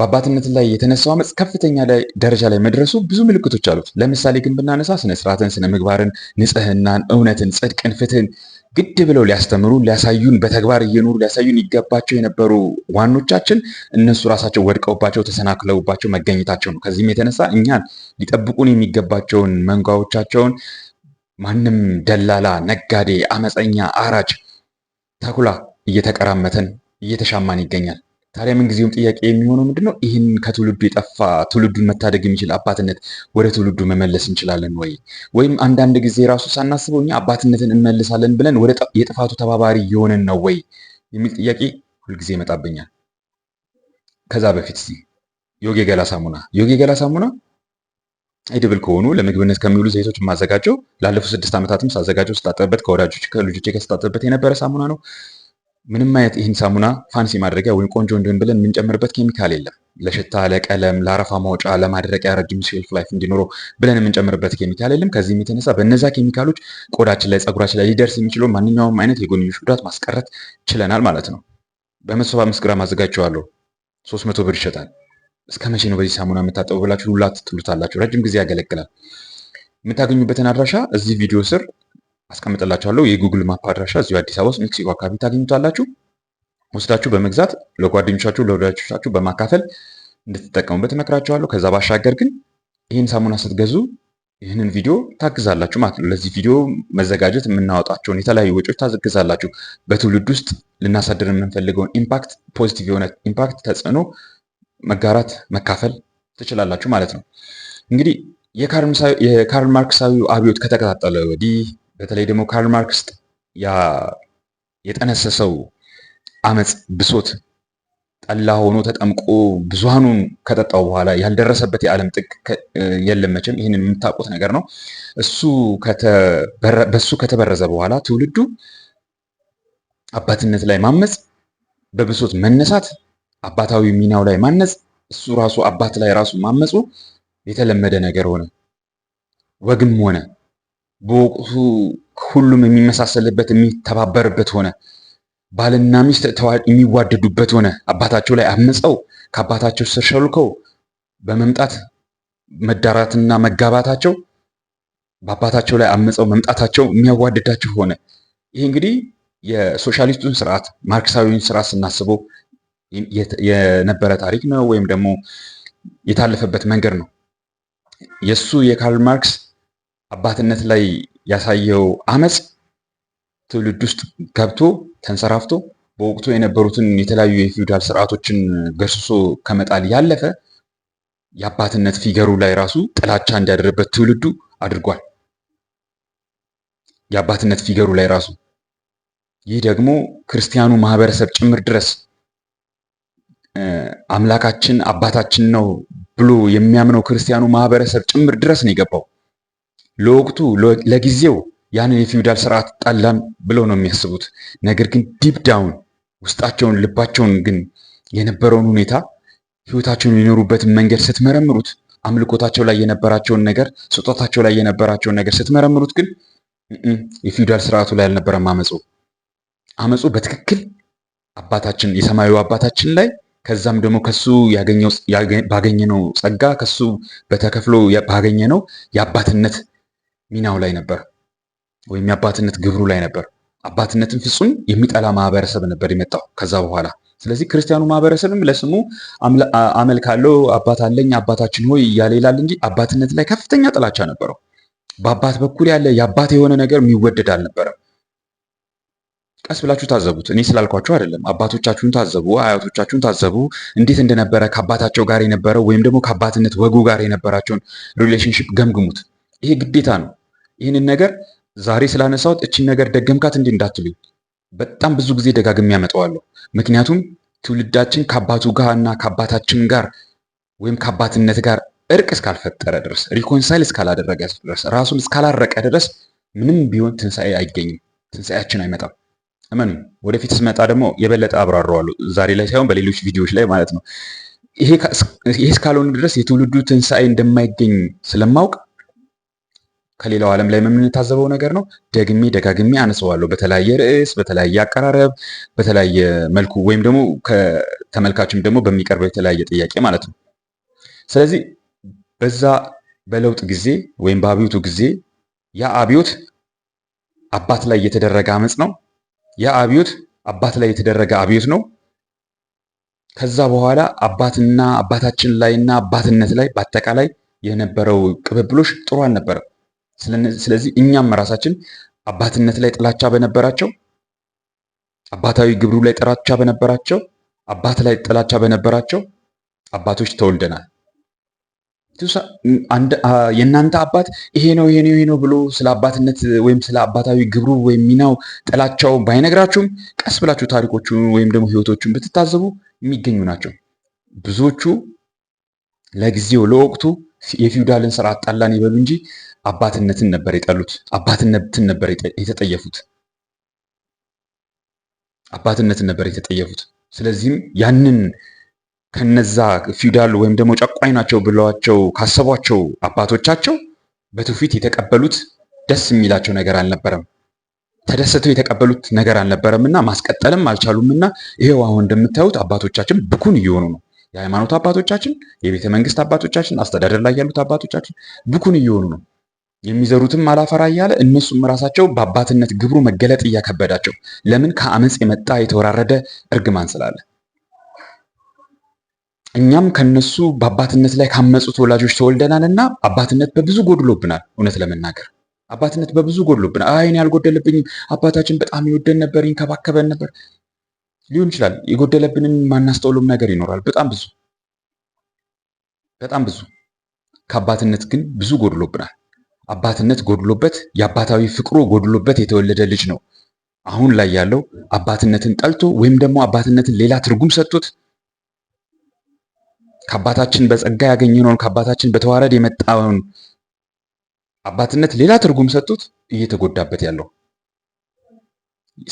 በአባትነት ላይ የተነሳው አመፅ ከፍተኛ ደረጃ ላይ መድረሱ ብዙ ምልክቶች አሉት። ለምሳሌ ግን ብናነሳ ስነስርዓትን፣ ምግባርን ንጽህናን፣ እውነትን፣ ጽድቅን፣ ፍትህን ግድ ብለው ሊያስተምሩ ሊያሳዩን በተግባር እየኖሩ ሊያሳዩን ይገባቸው የነበሩ ዋኖቻችን እነሱ ራሳቸው ወድቀውባቸው ተሰናክለውባቸው መገኘታቸው ነው። ከዚህም የተነሳ እኛን ሊጠብቁን የሚገባቸውን መንጋዎቻቸውን ማንም ደላላ፣ ነጋዴ፣ አመፀኛ፣ አራጭ፣ ተኩላ እየተቀራመተን እየተሻማን ይገኛል። ታዲያ ምንጊዜውም ጥያቄ የሚሆነው ምንድነው? ይህን ከትውልዱ የጠፋ ትውልዱን መታደግ የሚችል አባትነት ወደ ትውልዱ መመለስ እንችላለን ወይ? ወይም አንዳንድ ጊዜ ራሱ ሳናስበው እኛ አባትነትን እንመልሳለን ብለን ወደ የጥፋቱ ተባባሪ የሆንን ነው ወይ የሚል ጥያቄ ሁልጊዜ ይመጣብኛል። ከዛ በፊት ዮጊ ገላ ሳሙና ዮጊ ገላ ሳሙና ኤድብል ከሆኑ ለምግብነት ከሚውሉ ዘይቶች የማዘጋጀው ላለፉት ስድስት ዓመታትም ሳዘጋጀው ስታጠብበት ከወዳጆች ከልጆቼ ጋር የነበረ ሳሙና ነው። ምንም አይነት ይህን ሳሙና ፋንሲ ማድረጊያ ወይም ቆንጆ እንዲሆን ብለን የምንጨምርበት ኬሚካል የለም። ለሽታ፣ ለቀለም፣ ለአረፋ ማውጫ፣ ለማድረቂያ ረጅም ሼልፍ ላይፍ እንዲኖረው ብለን የምንጨምርበት ኬሚካል የለም። ከዚህም የተነሳ በእነዛ ኬሚካሎች ቆዳችን ላይ፣ ጸጉራችን ላይ ሊደርስ የሚችለው ማንኛውም አይነት የጎንዮሽ ጉዳት ማስቀረት ችለናል ማለት ነው። በመቶ ሰባ አምስት ግራም አዘጋጀዋለሁ። ሶስት መቶ ብር ይሸጣል። እስከ መቼ ነው በዚህ ሳሙና የምታጠቡ ብላችሁ ሁላ ትሉታላችሁ። ረጅም ጊዜ ያገለግላል። የምታገኙበትን አድራሻ እዚህ ቪዲዮ ስር አስቀምጥላችኋለሁ። የጉግል ማፕ አድራሻ እዚሁ አዲስ አበባ ውስጥ ሜክሲኮ አካባቢ ታገኙታላችሁ። ወስዳችሁ በመግዛት ለጓደኞቻችሁ ለወዳጆቻችሁ በማካፈል እንድትጠቀሙበት እመክራችኋለሁ። ከዛ ባሻገር ግን ይህን ሳሙና ስትገዙ ይህንን ቪዲዮ ታግዛላችሁ ማለት ነው። ለዚህ ቪዲዮ መዘጋጀት የምናወጣቸውን የተለያዩ ወጪዎች ታግዛላችሁ። በትውልድ ውስጥ ልናሳድር የምንፈልገውን ኢምፓክት፣ ፖዚቲቭ የሆነ ኢምፓክት፣ ተጽዕኖ መጋራት መካፈል ትችላላችሁ ማለት ነው። እንግዲህ የካርል ማርክሳዊ አብዮት ከተቀጣጠለ ወዲህ በተለይ ደግሞ ካርል ማርክስ የጠነሰሰው አመፅ፣ ብሶት ጠላ ሆኖ ተጠምቆ ብዙሃኑን ከጠጣው በኋላ ያልደረሰበት የዓለም ጥግ የለም። መቼም ይህንን የምታውቁት ነገር ነው። በሱ ከተበረዘ በኋላ ትውልዱ አባትነት ላይ ማመፅ፣ በብሶት መነሳት፣ አባታዊ ሚናው ላይ ማነጽ፣ እሱ ራሱ አባት ላይ ራሱ ማመፁ የተለመደ ነገር ሆነ፣ ወግም ሆነ። በወቅቱ ሁሉም የሚመሳሰልበት የሚተባበርበት ሆነ። ባልና ሚስት የሚዋደዱበት ሆነ። አባታቸው ላይ አምፀው ከአባታቸው ስር ሸልከው በመምጣት መዳራትና መጋባታቸው በአባታቸው ላይ አምፀው መምጣታቸው የሚያዋድዳቸው ሆነ። ይህ እንግዲህ የሶሻሊስቱን ስርዓት ማርክሳዊን ስርዓት ስናስበው የነበረ ታሪክ ነው፣ ወይም ደግሞ የታለፈበት መንገድ ነው። የእሱ የካርል ማርክስ አባትነት ላይ ያሳየው አመፅ ትውልድ ውስጥ ገብቶ ተንሰራፍቶ በወቅቱ የነበሩትን የተለያዩ የፊውዳል ስርዓቶችን ገርስሶ ከመጣል ያለፈ የአባትነት ፊገሩ ላይ ራሱ ጥላቻ እንዲያደርበት ትውልዱ አድርጓል። የአባትነት ፊገሩ ላይ ራሱ ይህ ደግሞ ክርስቲያኑ ማህበረሰብ ጭምር ድረስ አምላካችን አባታችን ነው ብሎ የሚያምነው ክርስቲያኑ ማህበረሰብ ጭምር ድረስ ነው የገባው። ለወቅቱ ለጊዜው ያንን የፊውዳል ስርዓት ጠላን ብለው ነው የሚያስቡት። ነገር ግን ዲፕ ዳውን ውስጣቸውን ልባቸውን ግን የነበረውን ሁኔታ ህይወታቸውን የኖሩበትን መንገድ ስትመረምሩት አምልኮታቸው ላይ የነበራቸውን ነገር ስጦታቸው ላይ የነበራቸውን ነገር ስትመረምሩት ግን የፊውዳል ስርዓቱ ላይ አልነበረም አመፁ። አመፁ በትክክል አባታችን የሰማዩ አባታችን ላይ ከዛም ደግሞ ከሱ ባገኘነው ጸጋ ከሱ በተከፍሎ ባገኘነው የአባትነት ሚናው ላይ ነበር ወይም የአባትነት ግብሩ ላይ ነበር። አባትነትን ፍጹም የሚጠላ ማህበረሰብ ነበር የመጣው ከዛ በኋላ። ስለዚህ ክርስቲያኑ ማህበረሰብም ለስሙ ካለው አባት አለኝ፣ አባታችን ሆይ እያለ ይላል እንጂ አባትነት ላይ ከፍተኛ ጥላቻ ነበረው። በአባት በኩል ያለ የአባት የሆነ ነገር የሚወደድ አልነበረም። ቀስ ብላችሁ ታዘቡት። እኔ ስላልኳችሁ አይደለም። አባቶቻችሁን ታዘቡ፣ አያቶቻችሁን ታዘቡ። እንዴት እንደነበረ ከአባታቸው ጋር የነበረው ወይም ደግሞ ከአባትነት ወጉ ጋር የነበራቸውን ሪሌሽንሽፕ ገምግሙት። ይሄ ግዴታ ነው። ይህንን ነገር ዛሬ ስላነሳሁት እችን ነገር ደገምካት እንዲህ እንዳትሉኝ፣ በጣም ብዙ ጊዜ ደጋግሜ ያመጣዋለሁ። ምክንያቱም ትውልዳችን ከአባቱ ጋር እና ከአባታችን ጋር ወይም ከአባትነት ጋር እርቅ እስካልፈጠረ ድረስ ሪኮንሳይል እስካላደረገ ድረስ ራሱን እስካላረቀ ድረስ ምንም ቢሆን ትንሣኤ አይገኝም፣ ትንሣኤያችን አይመጣም። እመኑ። ወደፊት ስመጣ ደግሞ የበለጠ አብራረዋለሁ፣ ዛሬ ላይ ሳይሆን በሌሎች ቪዲዮዎች ላይ ማለት ነው። ይሄ እስካልሆኑ ድረስ የትውልዱ ትንሣኤ እንደማይገኝ ስለማውቅ ከሌላው ዓለም ላይ የምንታዘበው ነገር ነው። ደግሜ ደጋግሜ አነሰዋለሁ። በተለያየ ርዕስ፣ በተለያየ አቀራረብ፣ በተለያየ መልኩ ወይም ደግሞ ከተመልካችም ደግሞ በሚቀርበው የተለያየ ጥያቄ ማለት ነው። ስለዚህ በዛ በለውጥ ጊዜ ወይም በአብዮቱ ጊዜ ያ አብዮት አባት ላይ የተደረገ አመፅ ነው። ያ አብዮት አባት ላይ የተደረገ አብዮት ነው። ከዛ በኋላ አባትና አባታችን ላይና አባትነት ላይ በአጠቃላይ የነበረው ቅብብሎሽ ጥሩ አልነበረም። ስለዚህ እኛም ራሳችን አባትነት ላይ ጥላቻ በነበራቸው አባታዊ ግብሩ ላይ ጥላቻ በነበራቸው አባት ላይ ጥላቻ በነበራቸው አባቶች ተወልደናል። የእናንተ አባት ይሄ ነው ይሄ ነው ይሄ ነው ብሎ ስለ አባትነት ወይም ስለ አባታዊ ግብሩ ወይም ሚናው ጥላቻው ባይነግራችሁም ቀስ ብላችሁ ታሪኮቹን ወይም ደግሞ ህይወቶቹን ብትታዘቡ የሚገኙ ናቸው። ብዙዎቹ ለጊዜው ለወቅቱ የፊውዳልን ስርዓት አጣላን ይበሉ እንጂ አባትነትን ነበር የጠሉት። አባትነትን ነበር የተጠየፉት። አባትነትን ነበር የተጠየፉት። ስለዚህም ያንን ከነዛ ፊውዳል ወይም ደግሞ ጨቋኝ ናቸው ብለዋቸው ካሰቧቸው አባቶቻቸው በትውፊት የተቀበሉት ደስ የሚላቸው ነገር አልነበረም። ተደስተው የተቀበሉት ነገር አልነበረም እና ማስቀጠልም አልቻሉም እና ይሄው አሁን እንደምታዩት አባቶቻችን ብኩን እየሆኑ ነው። የሃይማኖት አባቶቻችን፣ የቤተ መንግስት አባቶቻችን፣ አስተዳደር ላይ ያሉት አባቶቻችን ብኩን እየሆኑ ነው። የሚዘሩትም አላፈራ እያለ እነሱም ራሳቸው በአባትነት ግብሩ መገለጥ እያከበዳቸው ለምን ከአመፅ የመጣ የተወራረደ እርግማን ስላለ እኛም ከነሱ በአባትነት ላይ ካመፁ ተወላጆች እና አባትነት በብዙ ጎድሎብናል። እውነት ለመናገር አባትነት በብዙ ጎድሎብናል። አይ እኔ አልጎደለብኝም፣ አባታችን በጣም ይወደን ነበር፣ ይንከባከበን ነበር ሊሆን ይችላል። የጎደለብንን ማናስተውሎም ነገር ይኖራል። በጣም ብዙ በጣም ብዙ። ከአባትነት ግን ብዙ ጎድሎብናል። አባትነት ጎድሎበት የአባታዊ ፍቅሩ ጎድሎበት የተወለደ ልጅ ነው። አሁን ላይ ያለው አባትነትን ጠልቶ ወይም ደግሞ አባትነትን ሌላ ትርጉም ሰጥቶት ከአባታችን በጸጋ ያገኘነውን ከአባታችን በተዋረድ የመጣውን አባትነት ሌላ ትርጉም ሰጥቶት እየተጎዳበት ያለው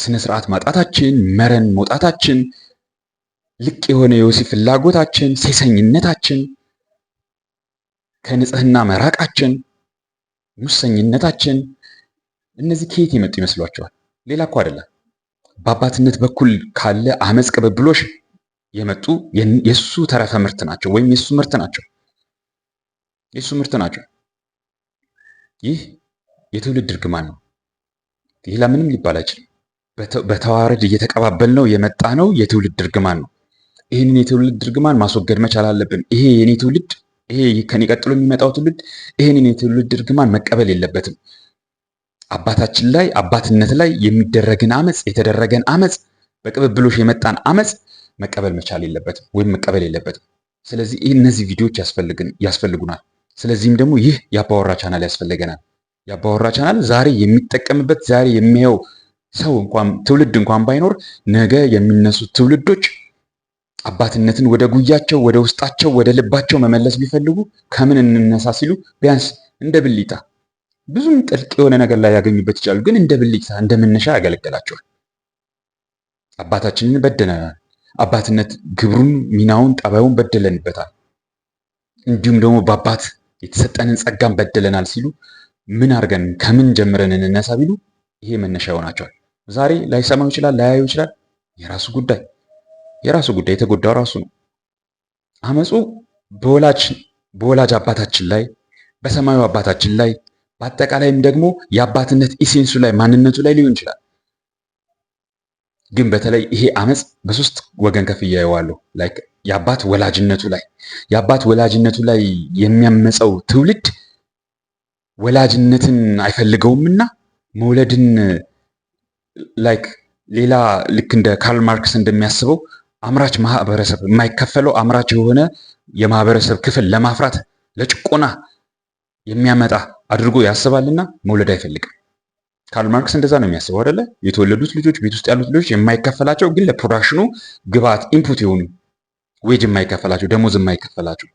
ስነ ስርዓት ማጣታችን፣ መረን መውጣታችን፣ ልቅ የሆነ የወሲብ ፍላጎታችን፣ ሴሰኝነታችን፣ ከንጽህና መራቃችን ሙሰኝነታችን፣ እነዚህ ከየት የመጡ ይመስሏቸዋል? ሌላ እኮ አይደለም። በአባትነት በኩል ካለ አመፅ ቅብብሎሽ የመጡ የእሱ ተረፈ ምርት ናቸው፣ ወይም የእሱ ምርት ናቸው፣ የእሱ ምርት ናቸው። ይህ የትውልድ እርግማን ነው። ሌላ ምንም ሊባል አይችልም። በተዋረድ እየተቀባበል ነው የመጣ ነው የትውልድ እርግማን ነው። ይህንን የትውልድ እርግማን ማስወገድ መቻል አለብን። ይሄ የኔ ትውልድ ይሄ ከኔ ቀጥሎ የሚመጣው ትውልድ ይሄንን የትውልድ እርግማን መቀበል የለበትም። አባታችን ላይ አባትነት ላይ የሚደረግን አመፅ የተደረገን አመፅ በቅብብሎሽ የመጣን አመፅ መቀበል መቻል የለበትም ወይም መቀበል የለበትም። ስለዚህ እነዚህ ቪዲዮዎች ያስፈልጉናል። ስለዚህም ደግሞ ይህ የአባወራ ቻናል ያስፈልገናል። የአባወራ ቻናል ዛሬ የሚጠቀምበት ዛሬ የሚያየው ሰው እንኳን ትውልድ እንኳን ባይኖር ነገ የሚነሱት ትውልዶች አባትነትን ወደ ጉያቸው፣ ወደ ውስጣቸው፣ ወደ ልባቸው መመለስ ቢፈልጉ ከምን እንነሳ ሲሉ ቢያንስ እንደ ብሊታ ብዙም ጥልቅ የሆነ ነገር ላይ ያገኙበት ይችላሉ። ግን እንደ ብሊታ እንደ መነሻ ያገለግላቸዋል። አባታችንን በደለናል። አባትነት ግብሩን፣ ሚናውን፣ ጠባዩን በደለንበታል። እንዲሁም ደግሞ በአባት የተሰጠንን ጸጋን በደለናል ሲሉ ምን አድርገን ከምን ጀምረን እንነሳ ቢሉ ይሄ መነሻ ይሆናቸዋል። ዛሬ ላይሰማው ይችላል፣ ላያዩ ይችላል። የራሱ ጉዳይ የራሱ ጉዳይ፣ የተጎዳው ራሱ ነው። አመፁ በወላጅ አባታችን ላይ በሰማዩ አባታችን ላይ በአጠቃላይም ደግሞ የአባትነት ኢሴንሱ ላይ ማንነቱ ላይ ሊሆን ይችላል። ግን በተለይ ይሄ አመፅ በሶስት ወገን ከፍ እያየዋለሁ። የአባት ወላጅነቱ ላይ የአባት ወላጅነቱ ላይ የሚያመፀው ትውልድ ወላጅነትን አይፈልገውም እና መውለድን ላይክ ሌላ ልክ እንደ ካርል ማርክስ እንደሚያስበው አምራች ማህበረሰብ የማይከፈለው አምራች የሆነ የማህበረሰብ ክፍል ለማፍራት ለጭቆና የሚያመጣ አድርጎ ያስባልና መውለድ አይፈልግም። ካርል ማርክስ እንደዛ ነው የሚያስበው አይደለ? የተወለዱት ልጆች ቤት ውስጥ ያሉት ልጆች የማይከፈላቸው ግን ለፕሮዳክሽኑ ግብአት ኢንፑት የሆኑ ዌጅ የማይከፈላቸው ደሞዝ የማይከፈላቸው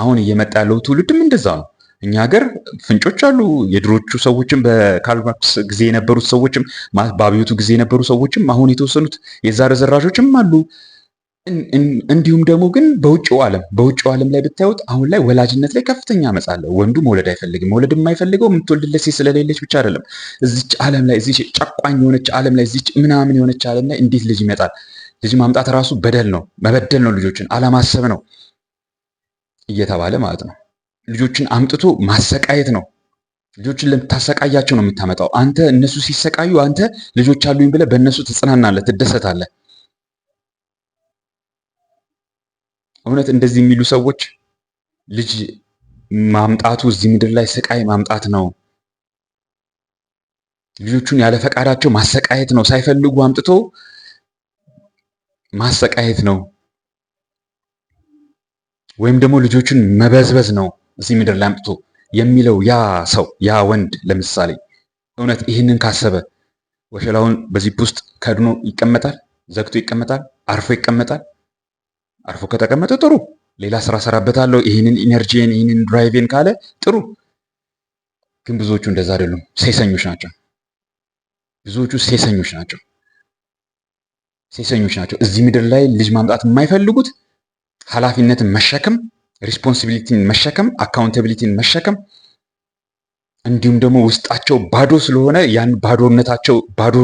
አሁን እየመጣ ያለው ትውልድም እንደዛ ነው። እኛ ሀገር ፍንጮች አሉ። የድሮቹ ሰዎችም በካርል ማርክስ ጊዜ የነበሩት ሰዎችም በአብዮቱ ጊዜ የነበሩ ሰዎችም አሁን የተወሰኑት የዛረ ዘራሾችም አሉ። እንዲሁም ደግሞ ግን በውጭው ዓለም በውጭው ዓለም ላይ ብታዩት አሁን ላይ ወላጅነት ላይ ከፍተኛ አመፅ አለ። ወንዱ መውለድ አይፈልግም። መውለድ የማይፈልገው የምትወልድለት ሴት ስለሌለች ብቻ አይደለም። እዚች ዓለም ላይ እዚች ጨቋኝ የሆነች ዓለም ላይ እዚች ምናምን የሆነች ዓለም ላይ እንዴት ልጅ ይመጣል? ልጅ ማምጣት ራሱ በደል ነው፣ መበደል ነው፣ ልጆችን አለማሰብ ነው እየተባለ ማለት ነው። ልጆችን አምጥቶ ማሰቃየት ነው። ልጆችን ለምታሰቃያቸው ነው የምታመጣው። አንተ እነሱ ሲሰቃዩ አንተ ልጆች አሉኝ ብለህ በእነሱ ትጽናናለህ፣ ትደሰታለህ። እውነት እንደዚህ የሚሉ ሰዎች ልጅ ማምጣቱ እዚህ ምድር ላይ ስቃይ ማምጣት ነው። ልጆቹን ያለ ፈቃዳቸው ማሰቃየት ነው። ሳይፈልጉ አምጥቶ ማሰቃየት ነው። ወይም ደግሞ ልጆቹን መበዝበዝ ነው። እዚህ ምድር ላይ አምጥቶ የሚለው ያ ሰው ያ ወንድ ለምሳሌ እውነት ይህንን ካሰበ ወሸላውን በዚህ ውስጥ ከድኖ ይቀመጣል፣ ዘግቶ ይቀመጣል፣ አርፎ ይቀመጣል። አርፎ ከተቀመጠ ጥሩ፣ ሌላ ስራ ሰራበታለሁ፣ ይህንን ኢነርጂን ይህንን ድራይቬን ካለ ጥሩ። ግን ብዙዎቹ እንደዛ አይደሉም፣ ሴሰኞች ናቸው። ብዙዎቹ ሴሰኞች ናቸው፣ ሴሰኞች ናቸው። እዚህ ምድር ላይ ልጅ ማምጣት የማይፈልጉት ኃላፊነትን መሸክም ሪስፖንሲቢሊቲን መሸከም አካውንታቢሊቲን መሸከም እንዲሁም ደግሞ ውስጣቸው ባዶ ስለሆነ ያን ባዶነታቸው ባዶ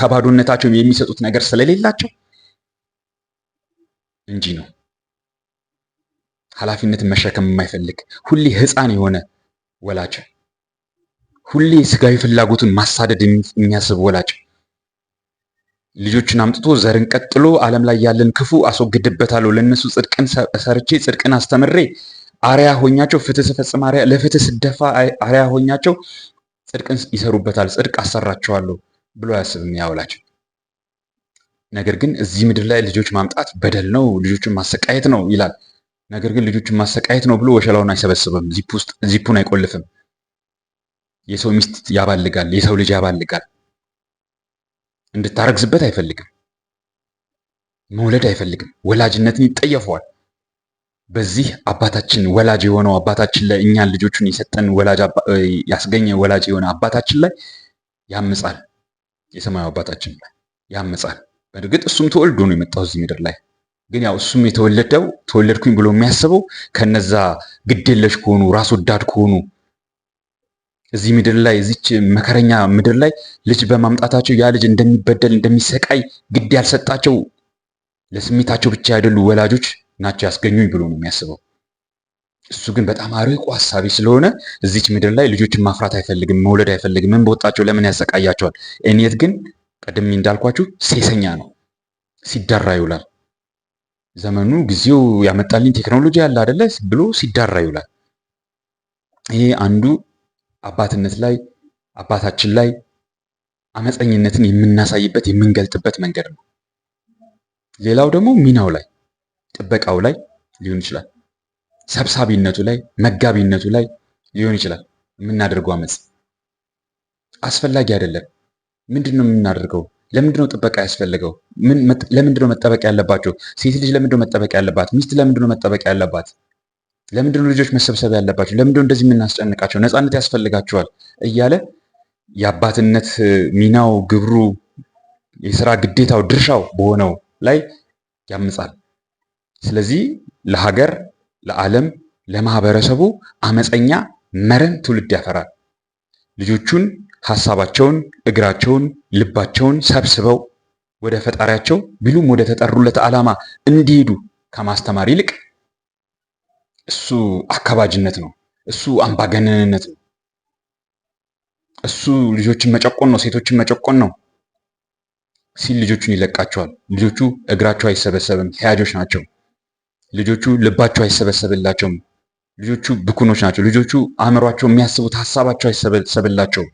ከባዶነታቸው የሚሰጡት ነገር ስለሌላቸው እንጂ ነው። ኃላፊነትን መሸከም የማይፈልግ ሁሌ ሕፃን የሆነ ወላጅ፣ ሁሌ ስጋዊ ፍላጎቱን ማሳደድ የሚያስብ ወላጅ ልጆችን አምጥቶ ዘርን ቀጥሎ ዓለም ላይ ያለን ክፉ አስወግድበታለሁ። ለእነሱ ጽድቅን ሰርቼ ጽድቅን አስተምሬ አርያ ሆኛቸው ፍትህ ስፈጽም ለፍትህ ስደፋ አርያ ሆኛቸው ጽድቅን ይሰሩበታል፣ ጽድቅ አሰራቸዋለሁ ብሎ አያስብም ያውላቸው። ነገር ግን እዚህ ምድር ላይ ልጆች ማምጣት በደል ነው፣ ልጆችን ማሰቃየት ነው ይላል። ነገር ግን ልጆችን ማሰቃየት ነው ብሎ ወሸላውን አይሰበስብም፣ ዚፑን አይቆልፍም። የሰው ሚስት ያባልጋል፣ የሰው ልጅ ያባልጋል። እንድታረግዝበት አይፈልግም። መውለድ አይፈልግም። ወላጅነትን ይጠየፈዋል። በዚህ አባታችን ወላጅ የሆነው አባታችን ላይ እኛን ልጆቹን የሰጠን ወላጅ ያስገኘ ወላጅ የሆነ አባታችን ላይ ያምጻል። የሰማዩ አባታችን ላይ ያምጻል። በእርግጥ እሱም ተወልዶ ነው የመጣው እዚህ ምድር ላይ ግን ያው እሱም የተወለደው ተወለድኩኝ ብሎ የሚያስበው ከነዛ ግዴለሽ ከሆኑ ራስ ወዳድ ከሆኑ እዚህ ምድር ላይ እዚች መከረኛ ምድር ላይ ልጅ በማምጣታቸው ያ ልጅ እንደሚበደል እንደሚሰቃይ ግድ ያልሰጣቸው ለስሜታቸው ብቻ ያደሉ ወላጆች ናቸው ያስገኙኝ ብሎ ነው የሚያስበው። እሱ ግን በጣም አርቆ ሀሳቢ ስለሆነ እዚች ምድር ላይ ልጆችን ማፍራት አይፈልግም፣ መውለድ አይፈልግም። ምን በወጣቸው ለምን ያሰቃያቸዋል? እኔት ግን ቀደም እንዳልኳችሁ ሴሰኛ ነው፣ ሲዳራ ይውላል። ዘመኑ ጊዜው ያመጣልኝ ቴክኖሎጂ ያለ አደለ ብሎ ሲዳራ ይውላል። ይሄ አንዱ አባትነት ላይ አባታችን ላይ አመፀኝነትን የምናሳይበት የምንገልጥበት መንገድ ነው። ሌላው ደግሞ ሚናው ላይ ጥበቃው ላይ ሊሆን ይችላል። ሰብሳቢነቱ ላይ መጋቢነቱ ላይ ሊሆን ይችላል። የምናደርገው አመፅ አስፈላጊ አይደለም። ምንድን ነው የምናደርገው? ለምንድን ነው ጥበቃ ያስፈልገው? ለምንድን ነው መጠበቅ ያለባቸው? ሴት ልጅ ለምንድን ነው መጠበቅ ያለባት? ሚስት ለምንድን ነው መጠበቅ ያለባት? ነው ልጆች መሰብሰብ ያለባቸው? ነው እንደዚህ የምናስጨንቃቸው? ነፃነት ያስፈልጋቸዋል እያለ የአባትነት ሚናው፣ ግብሩ፣ የስራ ግዴታው፣ ድርሻው በሆነው ላይ ያምጻል። ስለዚህ ለሀገር፣ ለዓለም፣ ለማህበረሰቡ አመፀኛ መረን ትውልድ ያፈራል። ልጆቹን ሀሳባቸውን፣ እግራቸውን፣ ልባቸውን ሰብስበው ወደ ፈጣሪያቸው ቢሉም ወደ ተጠሩለት ዓላማ እንዲሄዱ ከማስተማር ይልቅ እሱ አካባጅነት ነው። እሱ አምባገነንነት ነው። እሱ ልጆችን መጨቆን ነው፣ ሴቶችን መጨቆን ነው ሲል ልጆቹን ይለቃቸዋል። ልጆቹ እግራቸው አይሰበሰብም፣ ሕያጆች ናቸው። ልጆቹ ልባቸው አይሰበሰብላቸውም። ልጆቹ ብኩኖች ናቸው። ልጆቹ አእምሯቸው የሚያስቡት ሀሳባቸው አይሰበሰብላቸውም።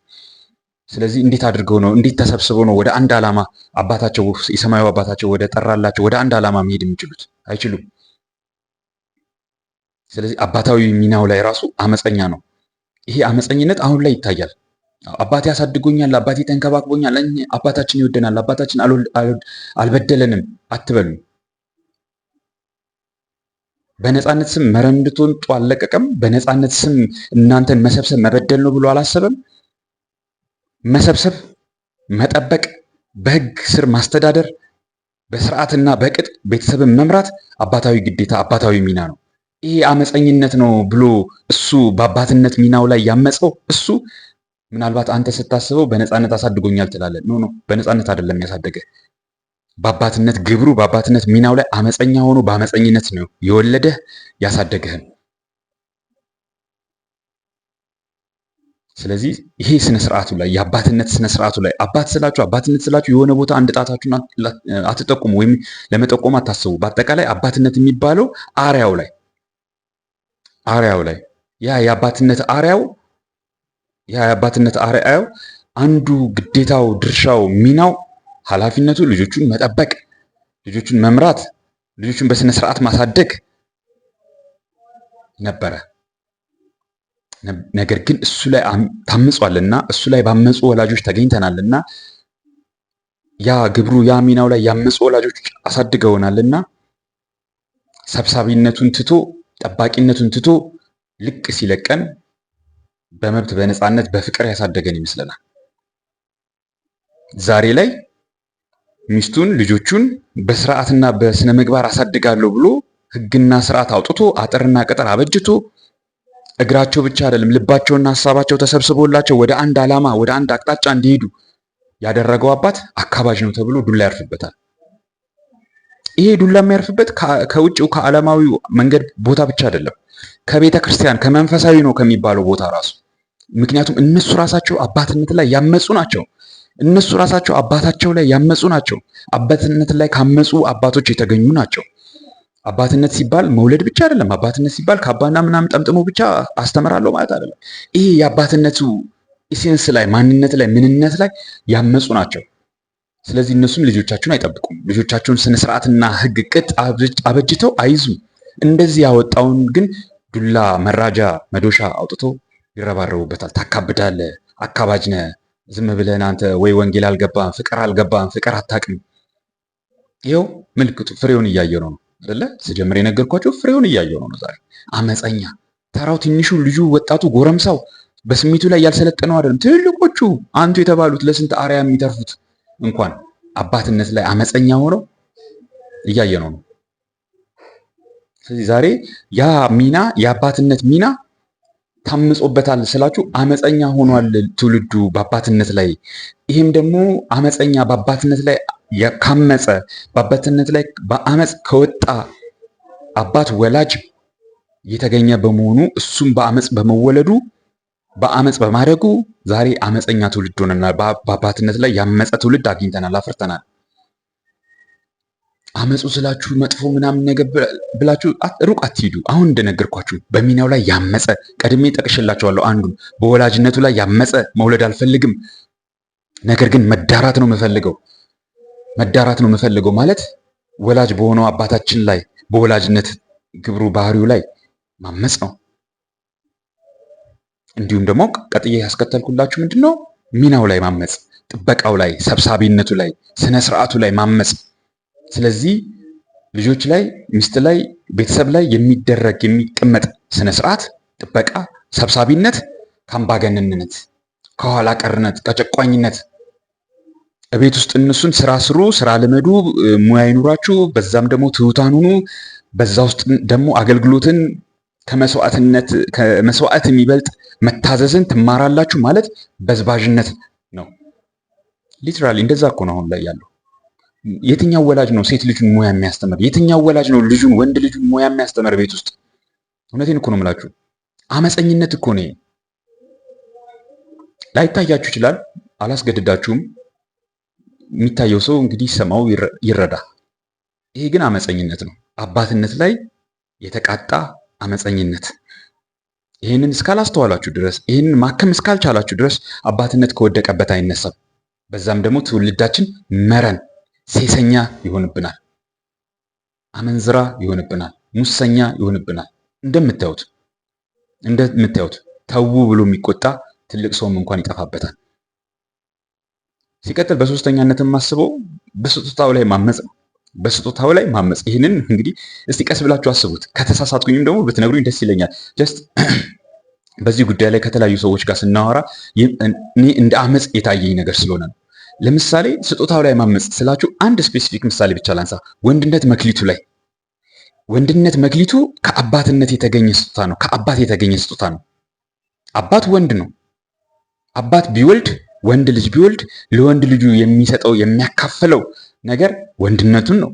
ስለዚህ እንዴት አድርገው ነው እንዴት ተሰብስበው ነው ወደ አንድ ዓላማ አባታቸው የሰማዩ አባታቸው ወደ ጠራላቸው ወደ አንድ ዓላማ መሄድ የሚችሉት? አይችሉም። ስለዚህ አባታዊ ሚናው ላይ ራሱ አመፀኛ ነው። ይሄ አመፀኝነት አሁን ላይ ይታያል። አባቴ ያሳድጎኛል፣ አባቴ ተንከባክቦኛል፣ አባታችን ይወደናል፣ አባታችን አልበደለንም አትበሉ። በነፃነት ስም መረንድቶን ጡ አልለቀቀም። በነፃነት ስም እናንተን መሰብሰብ መበደል ነው ብሎ አላሰበም። መሰብሰብ፣ መጠበቅ፣ በህግ ስር ማስተዳደር፣ በስርዓትና በቅጥ ቤተሰብን መምራት አባታዊ ግዴታ፣ አባታዊ ሚና ነው። ይሄ አመፀኝነት ነው ብሎ እሱ በአባትነት ሚናው ላይ ያመፀው እሱ ምናልባት አንተ ስታስበው በነፃነት አሳድጎኛል ትላለህ። ኖ ኖ፣ በነፃነት አይደለም ያሳደገ በአባትነት ግብሩ በአባትነት ሚናው ላይ አመፀኛ ሆኖ በአመፀኝነት ነው የወለደህ ያሳደገህም። ስለዚህ ይሄ ስነ ስርዓቱ ላይ የአባትነት ስነ ስርዓቱ ላይ አባት ስላችሁ አባትነት ስላችሁ የሆነ ቦታ አንድ ጣታችሁን አትጠቁሙ ወይም ለመጠቆም አታስቡ። በአጠቃላይ አባትነት የሚባለው አርያው ላይ አርያው ላይ ያ የአባትነት አርያው ያ የአባትነት አርያው አንዱ ግዴታው፣ ድርሻው፣ ሚናው፣ ኃላፊነቱ ልጆቹን መጠበቅ፣ ልጆቹን መምራት፣ ልጆቹን በስነ ስርዓት ማሳደግ ነበረ። ነገር ግን እሱ ላይ ታምጿልና እሱ ላይ ባመፁ ወላጆች ተገኝተናልና ያ ግብሩ ያ ሚናው ላይ ያመፁ ወላጆች አሳድገውናልና ሰብሳቢነቱን ትቶ ጠባቂነቱን ትቶ ልቅ ሲለቀን በመብት በነፃነት በፍቅር ያሳደገን ይመስለናል። ዛሬ ላይ ሚስቱን ልጆቹን በስርዓትና በስነ ምግባር አሳድጋለሁ ብሎ ህግና ስርዓት አውጥቶ አጥርና ቅጥር አበጅቶ እግራቸው ብቻ አይደለም ልባቸውና ሀሳባቸው ተሰብስቦላቸው ወደ አንድ ዓላማ ወደ አንድ አቅጣጫ እንዲሄዱ ያደረገው አባት አካባጅ ነው ተብሎ ዱላ ያርፍበታል። ይሄ ዱላ የሚያርፍበት ከውጭው ከዓለማዊው መንገድ ቦታ ብቻ አይደለም፣ ከቤተ ክርስቲያን ከመንፈሳዊ ነው ከሚባለው ቦታ ራሱ። ምክንያቱም እነሱ ራሳቸው አባትነት ላይ ያመፁ ናቸው። እነሱ ራሳቸው አባታቸው ላይ ያመፁ ናቸው። አባትነት ላይ ካመፁ አባቶች የተገኙ ናቸው። አባትነት ሲባል መውለድ ብቻ አይደለም። አባትነት ሲባል ከአባና ምናምን ጠምጥሞ ብቻ አስተምራለሁ ማለት አይደለም። ይሄ የአባትነቱ ኢሴንስ ላይ ማንነት ላይ ምንነት ላይ ያመፁ ናቸው። ስለዚህ እነሱም ልጆቻቸውን አይጠብቁም። ልጆቻቸውን ስነስርዓትና ህግ ቅጥ አበጅተው አይዙም። እንደዚህ ያወጣውን ግን ዱላ መራጃ መዶሻ አውጥቶ ይረባረቡበታል። ታካብዳለ አካባጅ ነህ፣ ዝም ብለህን አንተ ወይ ወንጌል አልገባም፣ ፍቅር አልገባም? ፍቅር አታቅም ይኸው ምልክቱ ፍሬውን እያየ ነው አይደለ? ስጀምር የነገርኳቸው ፍሬውን እያየ ነው ዛሬ። አመፀኛ ተራው ትንሹ ልጁ፣ ወጣቱ፣ ጎረምሳው በስሜቱ ላይ ያልሰለጠነው አይደለም። ትልቆቹ አንቱ የተባሉት ለስንት አርያ የሚተርፉት እንኳን አባትነት ላይ አመፀኛ ሆነው እያየ ነው። ስለዚህ ዛሬ ያ ሚና የአባትነት ሚና ታምጾበታል ስላችሁ አመፀኛ ሆኗል ትውልዱ በአባትነት ላይ። ይህም ደግሞ አመፀኛ በአባትነት ላይ ካመፀ በአባትነት ላይ በአመፅ ከወጣ አባት ወላጅ የተገኘ በመሆኑ እሱም በአመፅ በመወለዱ በአመፅ በማደጉ ዛሬ አመፀኛ ትውልድ ሆነናል። በአባትነት ላይ ያመፀ ትውልድ አግኝተናል፣ አፍርተናል። አመፁ ስላችሁ መጥፎ ምናምን ነገር ብላችሁ ሩቅ አትሂዱ። አሁን እንደነገርኳችሁ በሚናው ላይ ያመፀ ቀድሜ ጠቅሼላችኋለሁ። አንዱን በወላጅነቱ ላይ ያመፀ መውለድ አልፈልግም፣ ነገር ግን መዳራት ነው የምፈልገው። መዳራት ነው የምፈልገው ማለት ወላጅ በሆነው አባታችን ላይ በወላጅነት ግብሩ ባህሪው ላይ ማመፅ ነው። እንዲሁም ደግሞ ቀጥዬ ያስከተልኩላችሁ ምንድን ነው ሚናው ላይ ማመፅ፣ ጥበቃው ላይ፣ ሰብሳቢነቱ ላይ፣ ስነ ስርዓቱ ላይ ማመፅ። ስለዚህ ልጆች ላይ፣ ሚስት ላይ፣ ቤተሰብ ላይ የሚደረግ የሚቀመጥ ስነ ስርዓት፣ ጥበቃ፣ ሰብሳቢነት ከአምባገነንነት፣ ከኋላ ቀርነት፣ ከጨቋኝነት ቤት ውስጥ እነሱን ስራ ስሩ፣ ስራ ልመዱ፣ ሙያ ይኑራችሁ፣ በዛም ደግሞ ትሁታን ሁኑ፣ በዛ ውስጥ ደግሞ አገልግሎትን ከመስዋዕትነት ከመስዋዕት የሚበልጥ መታዘዝን ትማራላችሁ ማለት በዝባዥነት ነው። ሊትራሊ እንደዛ እኮ ነው አሁን ላይ ያለው። የትኛው ወላጅ ነው ሴት ልጁን ሙያ የሚያስተምር? የትኛው ወላጅ ነው ልጁን ወንድ ልጁን ሙያ የሚያስተምር ቤት ውስጥ? እውነቴን እኮ ነው የምላችሁ። አመፀኝነት እኮ ነው። ላይታያችሁ ይችላል፣ አላስገድዳችሁም። የሚታየው ሰው እንግዲህ ሰማው ይረዳ። ይሄ ግን አመፀኝነት ነው፣ አባትነት ላይ የተቃጣ አመፀኝነት ይህንን እስካላስተዋላችሁ ድረስ ይህንን ማከም እስካልቻላችሁ ድረስ አባትነት ከወደቀበት አይነሳም። በዛም ደግሞ ትውልዳችን መረን፣ ሴሰኛ ይሆንብናል፣ አመንዝራ ይሆንብናል፣ ሙሰኛ ይሆንብናል። እንደምታዩት እንደምታዩት ተዉ ብሎ የሚቆጣ ትልቅ ሰውም እንኳን ይጠፋበታል። ሲቀጥል በሶስተኛነት የማስበው በስጦታው ላይ ማመፅ ነው። በስጦታው ላይ ማመፅ። ይህንን እንግዲህ እስቲ ቀስ ብላችሁ አስቡት። ከተሳሳትኩኝም ደግሞ ብትነግሩኝ ደስ ይለኛል። ጀስት በዚህ ጉዳይ ላይ ከተለያዩ ሰዎች ጋር ስናወራ እኔ እንደ አመፅ የታየኝ ነገር ስለሆነ ነው። ለምሳሌ ስጦታው ላይ ማመፅ ስላችሁ አንድ ስፔሲፊክ ምሳሌ ብቻ ላንሳ። ወንድነት መክሊቱ ላይ ወንድነት መክሊቱ ከአባትነት የተገኘ ስጦታ ነው። ከአባት የተገኘ ስጦታ ነው። አባት ወንድ ነው። አባት ቢወልድ ወንድ ልጅ ቢወልድ ለወንድ ልጁ የሚሰጠው የሚያካፍለው ነገር ወንድነቱን ነው።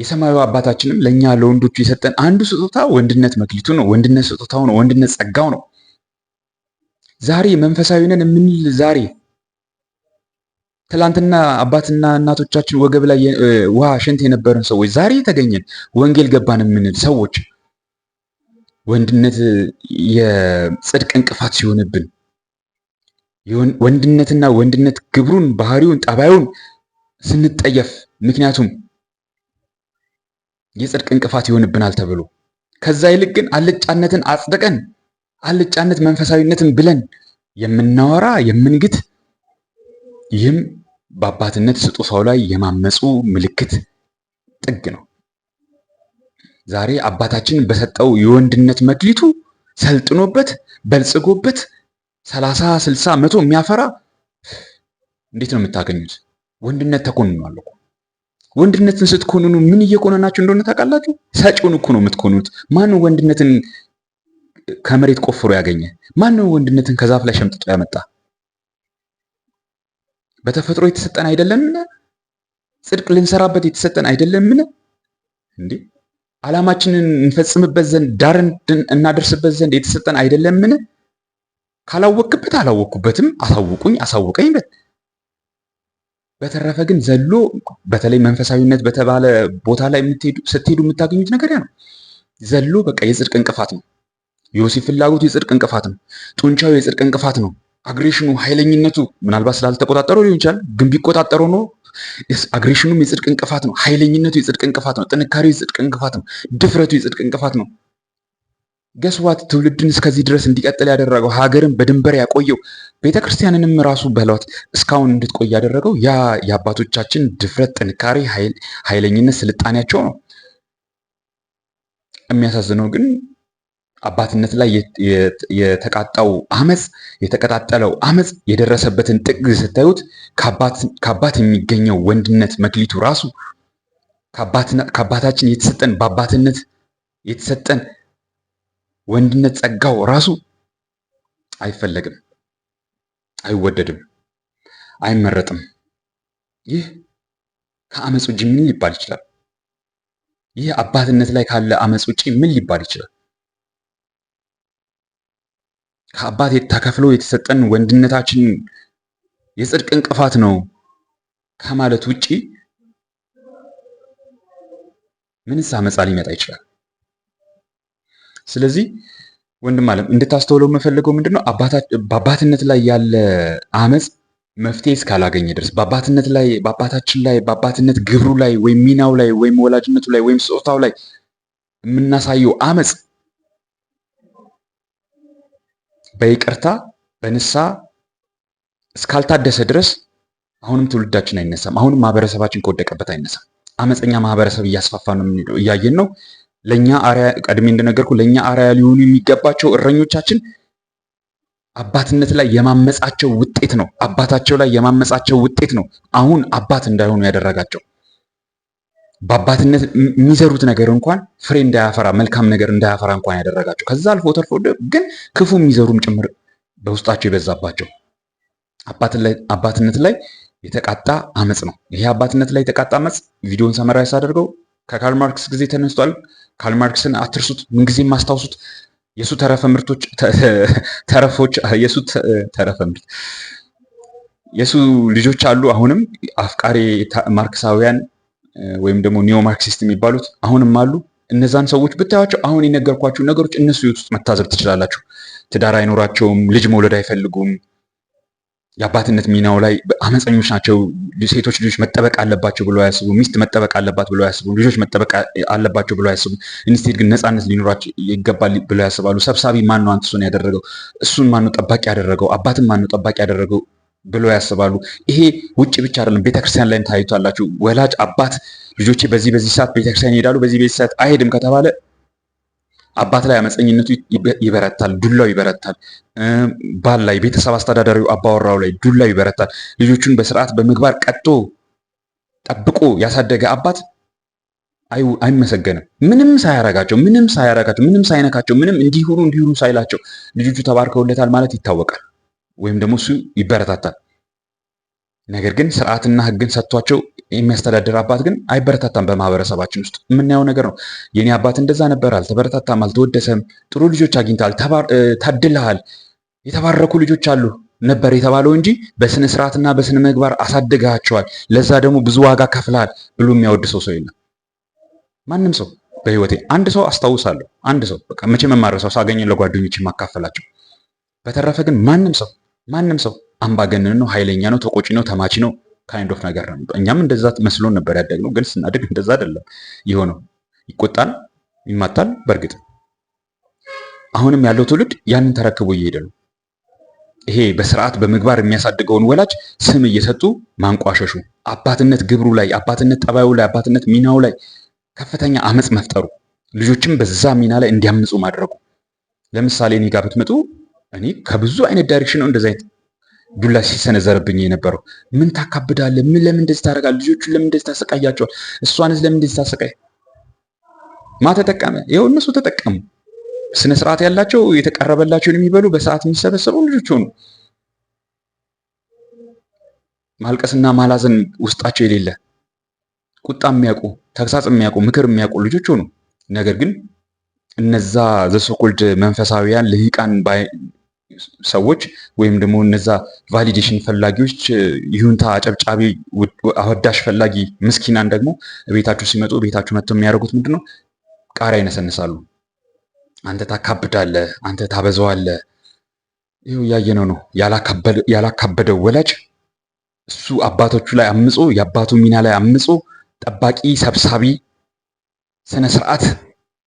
የሰማዩ አባታችንም ለእኛ ለወንዶቹ የሰጠን አንዱ ስጦታ ወንድነት መክሊቱ ነው። ወንድነት ስጦታው ነው። ወንድነት ጸጋው ነው። ዛሬ መንፈሳዊ ነን የምንል ዛሬ ትላንትና አባትና እናቶቻችን ወገብ ላይ ውሃ ሽንት የነበረን ሰዎች ዛሬ የተገኘን ወንጌል ገባን የምንል ሰዎች ወንድነት የጽድቅ እንቅፋት ሲሆንብን ወንድነትና ወንድነት ግብሩን ባህሪውን ጠባዩን ስንጠየፍ፣ ምክንያቱም የጽድቅ እንቅፋት ይሆንብናል ተብሎ ከዛ ይልቅ ግን አልጫነትን አጽድቀን አልጫነት መንፈሳዊነትን ብለን የምናወራ የምንግት ይህም በአባትነት ስጦታው ላይ የማመፁ ምልክት ጥግ ነው። ዛሬ አባታችን በሰጠው የወንድነት መክሊቱ ሰልጥኖበት በልጽጎበት ሰላሳ ስልሳ መቶ የሚያፈራ እንዴት ነው የምታገኙት? ወንድነት ተኮንኗል እኮ። ወንድነትን ስትኮንኑ ምን እየኮነናችሁ እንደሆነ ታውቃላችሁ? ሰጪውን እኮ ነው የምትኮኑት። ማነው ወንድነትን ከመሬት ቆፍሮ ያገኘ? ማነው ወንድነትን ከዛፍ ላይ ሸምጥጦ ያመጣ? በተፈጥሮ የተሰጠን አይደለምን? ጽድቅ ልንሰራበት የተሰጠን አይደለምን? እንዴ ዓላማችንን እንፈጽምበት ዘንድ ዳርን እናደርስበት ዘንድ የተሰጠን አይደለምን? ካላወቅበት አላወቅኩበትም፣ አሳውቁኝ አሳውቀኝ በተረፈ ግን ዘሎ በተለይ መንፈሳዊነት በተባለ ቦታ ላይ ስትሄዱ የምታገኙት ነገር ያ ነው። ዘሎ በቃ የጽድቅ እንቅፋት ነው። ዮሴፍ ፍላጎቱ የጽድቅ እንቅፋት ነው። ጡንቻው የጽድቅ እንቅፋት ነው። አግሬሽኑ፣ ኃይለኝነቱ ምናልባት ስላልተቆጣጠረው ሊሆን ይችላል። ግን ቢቆጣጠረው ነው። አግሬሽኑም የጽድቅ እንቅፋት ነው። ኃይለኝነቱ የጽድቅ እንቅፋት ነው። ጥንካሬው የጽድቅ እንቅፋት ነው። ድፍረቱ የጽድቅ እንቅፋት ነው። ገስዋት ትውልድን እስከዚህ ድረስ እንዲቀጥል ያደረገው ሀገርን በድንበር ያቆየው ቤተ ክርስቲያንንም ራሱ በሏት እስካሁን እንድትቆይ ያደረገው ያ የአባቶቻችን ድፍረት፣ ጥንካሬ፣ ኃይለኝነት፣ ስልጣኔያቸው ነው። የሚያሳዝነው ግን አባትነት ላይ የተቃጣው አመፅ የተቀጣጠለው አመፅ የደረሰበትን ጥግ ስታዩት ከአባት የሚገኘው ወንድነት መክሊቱ ራሱ ከአባታችን የተሰጠን በአባትነት የተሰጠን ወንድነት ጸጋው ራሱ አይፈለግም፣ አይወደድም፣ አይመረጥም። ይህ ከአመፅ ውጭ ምን ሊባል ይችላል? ይህ አባትነት ላይ ካለ አመፅ ውጭ ምን ሊባል ይችላል? ከአባት ተከፍሎ የተሰጠን ወንድነታችን የጽድቅ እንቅፋት ነው ከማለት ውጪ ምንስ አመፃ ሊመጣ ይችላል? ስለዚህ ወንድም አለም እንድታስተውለው የምፈልገው ምንድነው በአባትነት ላይ ያለ አመፅ መፍትሄ እስካላገኘ ድረስ በአባትነት ላይ በአባታችን ላይ በአባትነት ግብሩ ላይ ወይም ሚናው ላይ ወይም ወላጅነቱ ላይ ወይም ጾታው ላይ የምናሳየው አመፅ በይቅርታ በንሳ እስካልታደሰ ድረስ አሁንም ትውልዳችን አይነሳም። አሁንም ማህበረሰባችን ከወደቀበት አይነሳም። አመፀኛ ማህበረሰብ እያስፋፋ ነው እያየን ነው። ለኛ አርያ ቀድሜ እንደነገርኩ ለኛ አርያ ሊሆኑ የሚገባቸው እረኞቻችን አባትነት ላይ የማመጻቸው ውጤት ነው። አባታቸው ላይ የማመጻቸው ውጤት ነው አሁን አባት እንዳይሆኑ ያደረጋቸው። በአባትነት የሚዘሩት ነገር እንኳን ፍሬ እንዳያፈራ መልካም ነገር እንዳያፈራ እንኳን ያደረጋቸው። ከዛ አልፎ ተርፎ ግን ክፉ የሚዘሩም ጭምር በውስጣቸው የበዛባቸው አባትነት ላይ የተቃጣ አመፅ ነው። ይሄ አባትነት ላይ የተቃጣ አመፅ ቪዲዮን ሰመራ ሳደርገው ከካርል ማርክስ ጊዜ ተነስቷል። ካርል ማርክስን አትርሱት፣ ምንጊዜም ማስታውሱት የእሱ ተረፈ ምርቶች ተረፎች የእሱ ተረፈ ምርት የእሱ ልጆች አሉ። አሁንም አፍቃሪ ማርክሳውያን ወይም ደግሞ ኒዮ ማርክሲስት የሚባሉት አሁንም አሉ። እነዛን ሰዎች ብታያቸው አሁን የነገርኳቸው ነገሮች እነሱ ህይወት ውስጥ መታዘብ ትችላላችሁ። ትዳር አይኖራቸውም፣ ልጅ መውለድ አይፈልጉም። የአባትነት ሚናው ላይ አመፀኞች ናቸው። ሴቶች ልጆች መጠበቅ አለባቸው ብሎ አያስቡ። ሚስት መጠበቅ አለባት ብሎ አያስቡ። ልጆች መጠበቅ አለባቸው ብሎ አያስቡ። ኢንስቴድ ግን ነፃነት ሊኖራቸው ይገባል ብሎ ያስባሉ። ሰብሳቢ ማን ነው አንተ እሱን ያደረገው? እሱን ማን ነው ጠባቂ ያደረገው? አባትን ማን ነው ጠባቂ ያደረገው ብለው ያስባሉ። ይሄ ውጭ ብቻ አይደለም፣ ቤተክርስቲያን ላይም ታይቷላችሁ ወላጅ አባት ልጆቼ በዚህ በዚህ ሰዓት ቤተክርስቲያን ይሄዳሉ፣ በዚህ በዚህ ሰዓት አይሄድም ከተባለ አባት ላይ አመፀኝነቱ ይበረታል፣ ዱላው ይበረታል። ባል ላይ፣ ቤተሰብ አስተዳዳሪው አባወራው ላይ ዱላው ይበረታል። ልጆቹን በስርዓት በምግባር ቀጦ ጠብቆ ያሳደገ አባት አይመሰገንም። ምንም ሳያረጋቸው፣ ምንም ሳያረጋቸው፣ ምንም ሳይነካቸው፣ ምንም እንዲሆኑ እንዲሁኑ ሳይላቸው ልጆቹ ተባርከውለታል ማለት ይታወቃል፣ ወይም ደግሞ እሱ ይበረታታል። ነገር ግን ስርዓትና ህግን ሰጥቷቸው የሚያስተዳድር አባት ግን አይበረታታም። በማህበረሰባችን ውስጥ የምናየው ነገር ነው። የኔ አባት እንደዛ ነበር፣ አልተበረታታም፣ አልተወደሰም፣ ጥሩ ልጆች አግኝተሃል፣ ታድልሃል፣ የተባረኩ ልጆች አሉ ነበር የተባለው እንጂ በስነ ስርዓትና በስነ ምግባር አሳድገሃቸዋል፣ ለዛ ደግሞ ብዙ ዋጋ ከፍልሃል ብሎ የሚያወድሰው ሰው የለም። ማንም ሰው በህይወቴ አንድ ሰው አስታውሳለሁ። አንድ ሰው በቃ መቼ መማረሰው ሳገኘ ለጓደኞች የማካፈላቸው። በተረፈ ግን ማንም ሰው ማንም ሰው አምባገነን ነው፣ ኃይለኛ ነው፣ ተቆጪ ነው፣ ተማቺ ነው ካይንድ ኦፍ ነገር ነው። እኛም እንደዛ መስሎን ነበር ያደግነው፣ ግን ስናድግ እንደዛ አይደለም የሆነው። ይቆጣል፣ ይማታል። በእርግጥ አሁንም ያለው ትውልድ ያንን ተረክቦ እየሄደ ነው። ይሄ በስርዓት በምግባር የሚያሳድገውን ወላጅ ስም እየሰጡ ማንቋሸሹ፣ አባትነት ግብሩ ላይ፣ አባትነት ጠባዩ ላይ፣ አባትነት ሚናው ላይ ከፍተኛ አመፅ መፍጠሩ፣ ልጆችም በዛ ሚና ላይ እንዲያምፁ ማድረጉ። ለምሳሌ እኔ ጋር ብትመጡ እኔ ከብዙ አይነት ዳይሬክሽን ነው እንደዚ አይነት ዱላ ሲሰነዘርብኝ የነበረው ምን ታካብዳለ? ምን ለምን እንደዚህ ታደርጋለህ? ልጆቹን ለምን እንደዚህ ታሰቃያቸዋል? እሷንስ ለምን እንደዚህ ታሰቃይ? ማ ተጠቀመ? ይኸው እነሱ ተጠቀሙ። ስነ ስርዓት ያላቸው የተቀረበላቸውን የሚበሉ በሰዓት የሚሰበሰቡ ልጆች ሆኑ። ማልቀስና ማላዘን ውስጣቸው የሌለ ቁጣ የሚያውቁ ተግሳጽ የሚያውቁ ምክር የሚያውቁ ልጆች ሆኑ። ነገር ግን እነዛ ዘሶኮልድ መንፈሳዊያን ልሂቃን ሰዎች ወይም ደግሞ እነዛ ቫሊዴሽን ፈላጊዎች ይሁንታ አጨብጫቢ አወዳሽ ፈላጊ ምስኪናን ደግሞ ቤታችሁ ሲመጡ ቤታችሁ መጥቶ የሚያደርጉት ምንድን ነው? ቃሪያ ይነሰንሳሉ። አንተ ታካብዳለህ፣ አንተ ታበዛዋለህ። እያየነው ነው። ያላካበደው ወላጅ እሱ አባቶቹ ላይ አምጾ የአባቱ ሚና ላይ አምጾ ጠባቂ፣ ሰብሳቢ፣ ስነ ስርዓት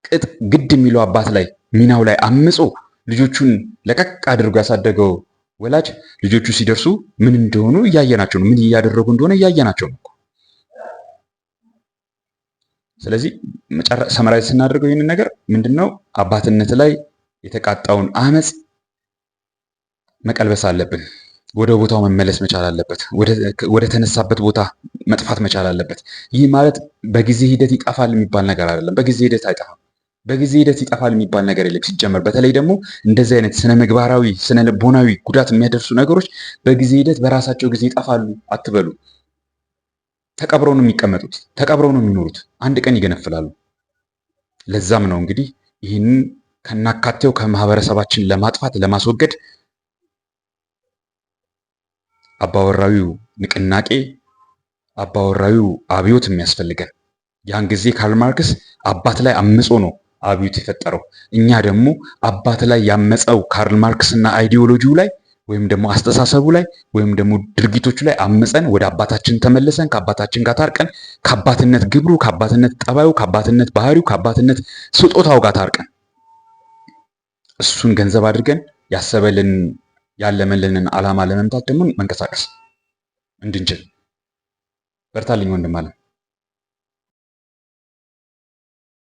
ቅጥ ግድ የሚለው አባት ላይ ሚናው ላይ አምጾ ልጆቹን ለቀቅ አድርጎ ያሳደገው ወላጅ ልጆቹ ሲደርሱ ምን እንደሆኑ እያየናቸው ነው። ምን እያደረጉ እንደሆነ እያየናቸው ነው። ስለዚህ ሰመራዊ ስናደርገው ይህንን ነገር ምንድን ነው አባትነት ላይ የተቃጣውን አመፅ መቀልበስ አለብን። ወደ ቦታው መመለስ መቻል አለበት። ወደ ተነሳበት ቦታ መጥፋት መቻል አለበት። ይህ ማለት በጊዜ ሂደት ይጠፋል የሚባል ነገር አይደለም። በጊዜ ሂደት አይጠፋም። በጊዜ ሂደት ይጠፋል የሚባል ነገር የለም። ሲጀመር በተለይ ደግሞ እንደዚህ አይነት ስነ ምግባራዊ፣ ስነ ልቦናዊ ጉዳት የሚያደርሱ ነገሮች በጊዜ ሂደት በራሳቸው ጊዜ ይጠፋሉ አትበሉ። ተቀብረው ነው የሚቀመጡት፣ ተቀብረው ነው የሚኖሩት። አንድ ቀን ይገነፍላሉ። ለዛም ነው እንግዲህ ይህን ከናካቴው ከማህበረሰባችን ለማጥፋት ለማስወገድ አባወራዊው ንቅናቄ አባወራዊው አብዮት የሚያስፈልገን ያን ጊዜ ካርል ማርክስ አባት ላይ አምጾ ነው አብዮት የፈጠረው። እኛ ደግሞ አባት ላይ ያመፀው ካርል ማርክስ እና አይዲዮሎጂው ላይ ወይም ደግሞ አስተሳሰቡ ላይ ወይም ደግሞ ድርጊቶቹ ላይ አመፀን ወደ አባታችን ተመለሰን፣ ከአባታችን ጋር ታርቀን፣ ከአባትነት ግብሩ፣ ከአባትነት ጠባዩ፣ ከአባትነት ባህሪው፣ ከአባትነት ስጦታው ጋር ታርቀን እሱን ገንዘብ አድርገን ያሰበልን ያለመልንን ዓላማ ለመምታት ደግሞ መንቀሳቀስ እንድንችል በርታልኝ ወንድም